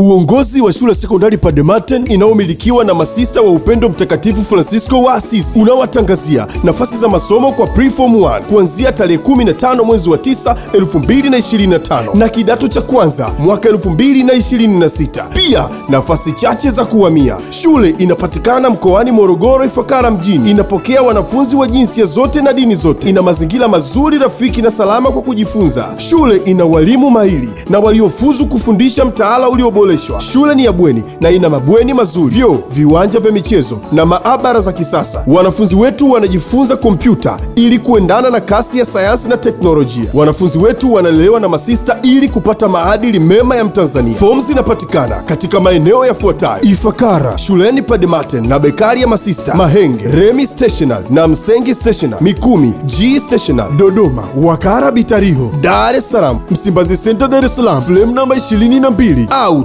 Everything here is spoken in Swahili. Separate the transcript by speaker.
Speaker 1: Uongozi wa shule sekondari Padre Martin inayomilikiwa na masista wa upendo mtakatifu Francisco wa Asisi unawatangazia nafasi za masomo kwa preform 1 kuanzia tarehe 15 mwezi wa 9 2025 na kidato cha kwanza mwaka 2026. Pia nafasi chache za kuhamia. Shule inapatikana mkoani Morogoro, Ifakara mjini. Inapokea wanafunzi wa jinsia zote na dini zote. Ina mazingira mazuri, rafiki na salama kwa kujifunza. Shule ina walimu mahiri na waliofuzu kufundisha mtaala ulioboreshwa kuboreshwa. Shule ni ya bweni na ina mabweni mazuri, vyoo, viwanja vya michezo na maabara za kisasa. Wanafunzi wetu wanajifunza kompyuta ili kuendana na kasi ya sayansi na teknolojia. Wanafunzi wetu wanalelewa na masista ili kupata maadili mema ya Mtanzania. Fomu zinapatikana katika maeneo yafuatayo: Ifakara, shuleni Padre na bekari ya Masista, Mahenge, Remi Stationery na Msengi Stationery, Mikumi G Stationery, Dodoma, Wakara Bitariho, Dar es Salaam, Msimbazi Center Dar es Salaam, flem namba 22 au